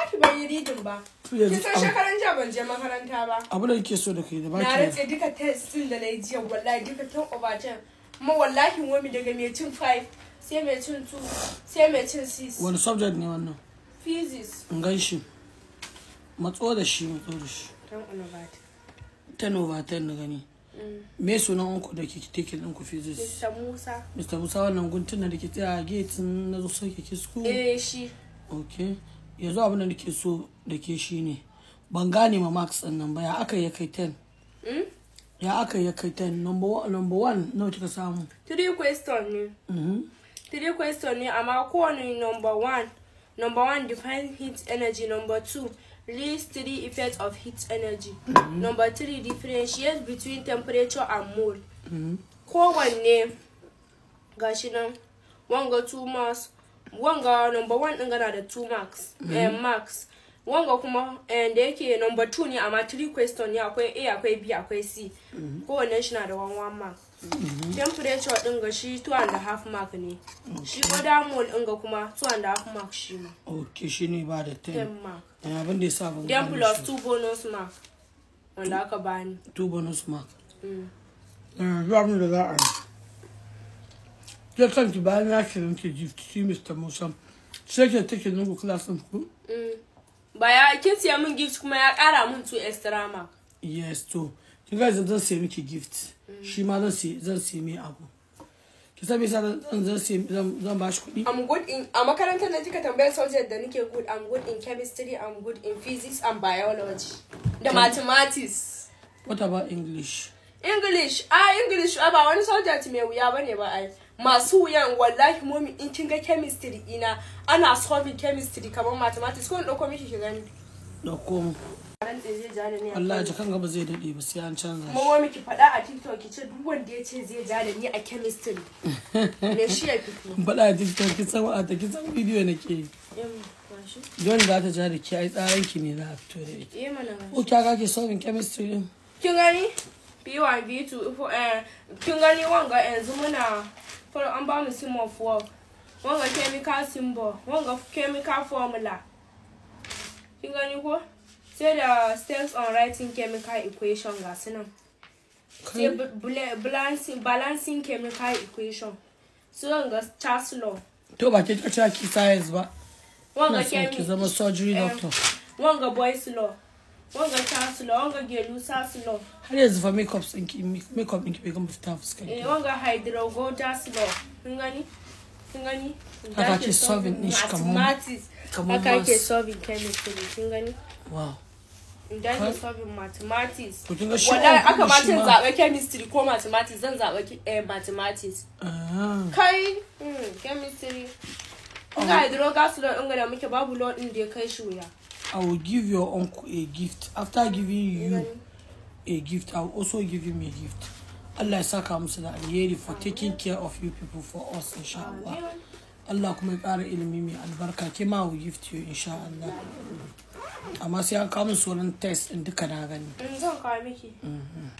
wallahi ban yi ridin ba kin san shekaran jiya ban je makaranta ba abu da kike so da kai da ba na rantse duka test din da na yi jiya wallahi duka ten over ten kuma wallahi wami daga mai cin 5 sai mai cin 2 sai mai cin 6 wani subject ne wannan physics in gan shi matso da shi matso da shi tan over ten over ten gani mm. me sunan unku da ke take din ku physics Mr Musa Mr Musa wannan guntun da ke tsaya a gate na zo sauke ki school eh shi okay yanzu abin da nake so da ke shi ne ban gane ma max nan ba ya aka ya kai 10 hmm? ya aka ya kai 10 number one nawa kika samu 3 question ne mm-hmm. three question ne amma kowane number one number define heat energy number two list three effects of heat energy mm-hmm. number three differentiate between temperature and mole mm-hmm. kowanne gashi nan wanga 2 mass wanga number one din gana da two marks mm -hmm. eh, marks wanga kuma eh, da yake number two ne amma three question ne akwai a akwai b akwai c mm -hmm. shi na da one one mark mhm. temperature din ga shi two and a half mark ne shi oda mol din ga kuma two and a half mark shi ma ok shi ne ba da ten mark abin da ya sa ban gane plus two bonus mark wanda aka bani two bonus mark yanzu mm. eh, abin da za a yi ya kanki bayan na kiran ke gift shi Mr. Musa sai ke take nungu klasin ku? Ba ya kin siya min gift kuma ya kara min two extra mark. Yes to kin ga zan siya miki gift shi ma zan siya zan siya mai abu. Ki sabi sa zan zan siya zan ba shi kuɗi. I'm good in a makarantar da kika tambayar subject da nike good I'm good in chemistry I'm good in physics and biology da mathematics. What about English? English, ah English ba wani subject mai wuya ne ba ai. masu wuyan wallahi momi in kin ga chemistry ina ana solving chemistry kamar mathematics ko in dauko miki ki gani dauko mu Allah ji kan gaba zai dade ba sai an canza shi. momi miki fada a TikTok ki ce duk wanda ya ce zai ja da ni a chemistry. Me shi ya fito. fada a TikTok ki san wa ta ki san bidiyo nake. Don za ta ja da ki ai tsarin ki ne za a fito da ki. Eh mana. Ko kya ga so in chemistry din? Kin gani? B1 B2 eh, kin gani wanga yanzu muna for an ba sim of work wọn ga chemical symbol wọn ga chemical formula kin gani ko sai da steps on writing chemical equation ga su nan sai balancing chemical equation So su ga charles law to ba ke kace ki science ba wanga chemistry ki zama surgery doctor wanga boys law wanga chancellor wanga gelu saslor har yanzu fa makeup ɗinki makeup ɗinki bai gama fita fuskar eh wanga hydrogo tasilo. kun gani kun gani haka ke solving ɗin shi kamar mathematics haka ke solving chemistry kun gani wow idan ke solving mathematics wala aka ma cin zaɓe chemistry ko mathematics zan zaɓe eh, mathematics ah. kai hmm, chemistry Ina hydrogas law ɗin da muke babu law ɗin da ya kai shi wuya. I will give your uncle a gift. After giving you a gift, I will also give him a gift. Allah is saka alheri for taking care of you people for us inshallah. Allah. kuma ƙara ilimi mai albarka ke ma will gift you insha Allah. Amma sai an kawo min sauran test ɗin duka na gani. Eh, zan kawo miki. Mhm.